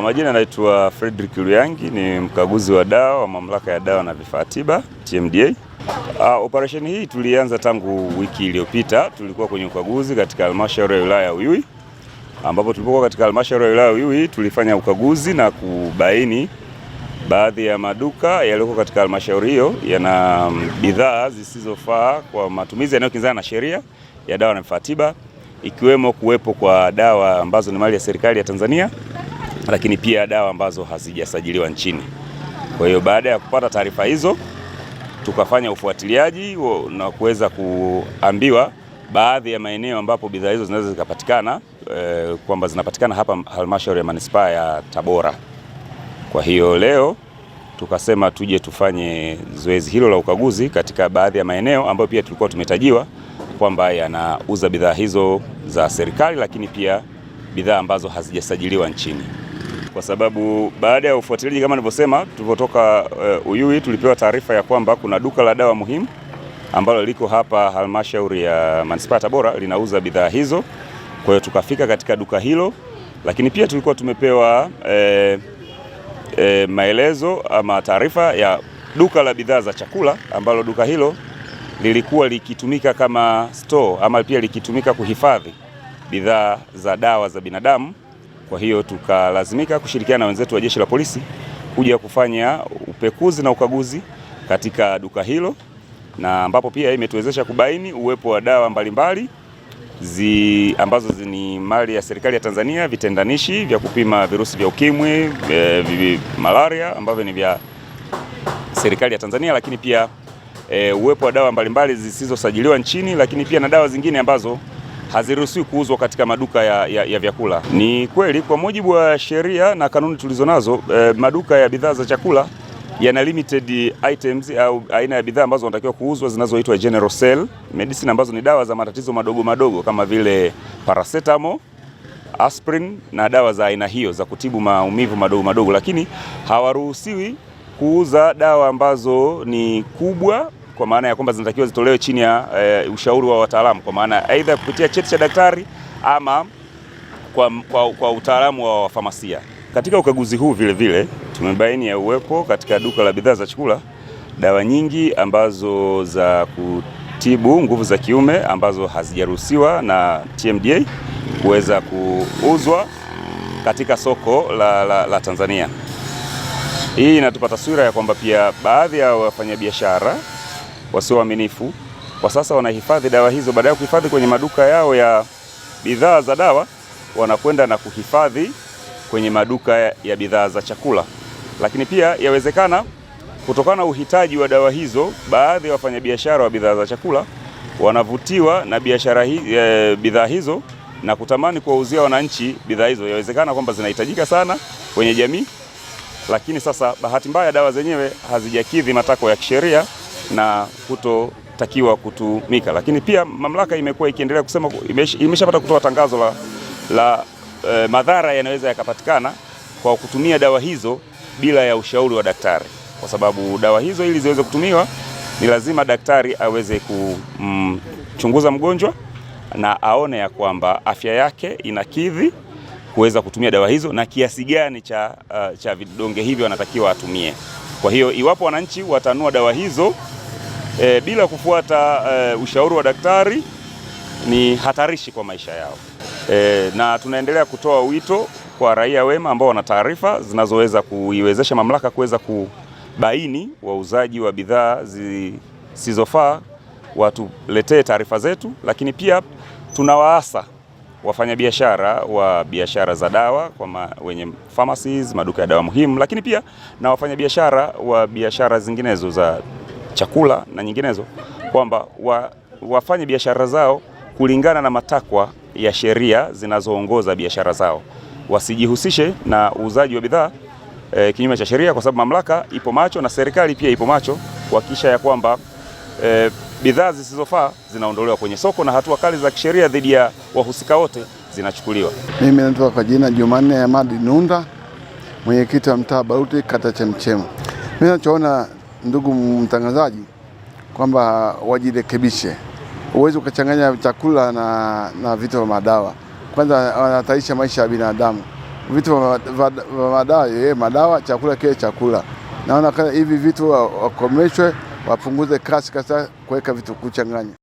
Kwa majina naitwa Frederick Luyangi, ni mkaguzi wa dawa wa mamlaka ya dawa na vifaa tiba TMDA. Uh, ah, operation hii tulianza tangu wiki iliyopita. Tulikuwa kwenye ukaguzi katika halmashauri ya wilaya ya Uyui, ambapo tulipokuwa katika halmashauri ya wilaya ya Uyui tulifanya ukaguzi na kubaini baadhi ya maduka yaliyokuwa katika halmashauri hiyo yana mm, bidhaa zisizofaa kwa matumizi yanayokinzana na sheria ya dawa na vifaa tiba, ikiwemo kuwepo kwa dawa ambazo ni mali ya serikali ya Tanzania lakini pia dawa ambazo hazijasajiliwa nchini. Kwa hiyo baada ya kupata taarifa hizo, tukafanya ufuatiliaji na kuweza kuambiwa baadhi ya maeneo ambapo bidhaa hizo zinaweza zikapatikana e, kwamba zinapatikana hapa halmashauri ya manispaa ya Tabora. Kwa hiyo leo tukasema tuje tufanye zoezi hilo la ukaguzi katika baadhi ya maeneo ambayo pia tulikuwa tumetajiwa kwamba yanauza bidhaa hizo za serikali, lakini pia bidhaa ambazo hazijasajiliwa nchini kwa sababu baada ya ufuatiliaji kama nilivyosema, tulivyotoka uh, Uyui tulipewa taarifa ya kwamba kuna duka la dawa muhimu ambalo liko hapa halmashauri ya manispaa ya Tabora linauza bidhaa hizo. Kwa hiyo tukafika katika duka hilo, lakini pia tulikuwa tumepewa eh, eh, maelezo ama taarifa ya duka la bidhaa za chakula ambalo duka hilo lilikuwa likitumika kama store ama pia likitumika kuhifadhi bidhaa za dawa za binadamu kwa hiyo tukalazimika kushirikiana na wenzetu wa Jeshi la Polisi kuja kufanya upekuzi na ukaguzi katika duka hilo, na ambapo pia imetuwezesha kubaini uwepo wa dawa mbalimbali zi, ambazo ni mali ya serikali ya Tanzania, vitendanishi vya kupima virusi vya ukimwi, vya, eh, vya malaria ambavyo ni vya serikali ya Tanzania, lakini pia e, uwepo wa dawa mbalimbali zisizosajiliwa nchini, lakini pia na dawa zingine ambazo haziruhusiwi kuuzwa katika maduka ya, ya, ya vyakula. Ni kweli kwa mujibu wa sheria na kanuni tulizo nazo eh, maduka ya bidhaa za chakula yana limited items au aina ya bidhaa ambazo wanatakiwa kuuzwa zinazoitwa general sale medicine ambazo ni dawa za matatizo madogo madogo kama vile paracetamol, aspirin na dawa za aina hiyo za kutibu maumivu madogo madogo, lakini hawaruhusiwi kuuza dawa ambazo ni kubwa kwa maana ya kwamba zinatakiwa zitolewe chini ya e, ushauri wa wataalamu, kwa maana aidha kupitia cheti cha daktari ama kwa, kwa, kwa utaalamu wa wafamasia. Katika ukaguzi huu vile vile tumebaini ya uwepo katika duka la bidhaa za chakula dawa nyingi ambazo za kutibu nguvu za kiume ambazo hazijaruhusiwa na TMDA kuweza kuuzwa katika soko la, la, la Tanzania. Hii inatupa taswira ya kwamba pia baadhi ya wafanyabiashara wasio waaminifu. Kwa sasa wanahifadhi dawa hizo, baada ya kuhifadhi kwenye maduka yao ya bidhaa za dawa, wanakwenda na kuhifadhi kwenye maduka ya bidhaa za chakula. Lakini pia yawezekana kutokana na uhitaji wa dawa hizo, baadhi ya wafanyabiashara wa bidhaa za chakula wanavutiwa na biashara hii e, bidhaa hizo na kutamani kuwauzia wananchi bidhaa hizo. Yawezekana kwamba zinahitajika sana kwenye jamii, lakini sasa bahati mbaya dawa zenyewe hazijakidhi matakwa ya kisheria na kutotakiwa kutumika. Lakini pia mamlaka imekuwa ikiendelea kusema, imeshapata kutoa tangazo la, la e, madhara yanaweza yakapatikana kwa kutumia dawa hizo bila ya ushauri wa daktari, kwa sababu dawa hizo ili ziweze kutumiwa ni lazima daktari aweze kumchunguza mgonjwa na aone ya kwamba afya yake inakidhi kuweza kutumia dawa hizo na kiasi gani cha, uh, cha vidonge hivyo anatakiwa atumie. Kwa hiyo iwapo wananchi watanua dawa hizo e, bila kufuata e, ushauri wa daktari ni hatarishi kwa maisha yao. E, na tunaendelea kutoa wito kwa raia wema ambao wana taarifa zinazoweza kuiwezesha mamlaka kuweza kubaini wauzaji wa, wa bidhaa zisizofaa watuletee taarifa zetu, lakini pia tunawaasa wafanyabiashara wa biashara za dawa kwa ma, wenye pharmacies, maduka ya dawa muhimu, lakini pia na wafanyabiashara wa biashara zinginezo za chakula na nyinginezo, kwamba wa, wafanye biashara zao kulingana na matakwa ya sheria zinazoongoza biashara zao, wasijihusishe na uuzaji wa bidhaa e, kinyume cha sheria, kwa sababu mamlaka ipo macho na serikali pia ipo macho kuhakikisha ya kwamba e, bidhaa zisizofaa zinaondolewa kwenye soko na hatua kali za kisheria dhidi ya wahusika wote zinachukuliwa. Mimi naitwa kwa jina Jumanne Ahmadi Nunda, mwenyekiti wa mtaa Baruti, kata Chemchemu. Mimi nachoona ndugu mtangazaji kwamba wajirekebishe. Huwezi ukachanganya chakula na, na vitu vya madawa. Kwanza wanahatarisha maisha ya binadamu. Vitu vya madawa yeye eh, madawa, chakula kile chakula. Naona hivi vitu wakomeshwe, wapunguze kasi kasa kuweka vitu kuchanganya.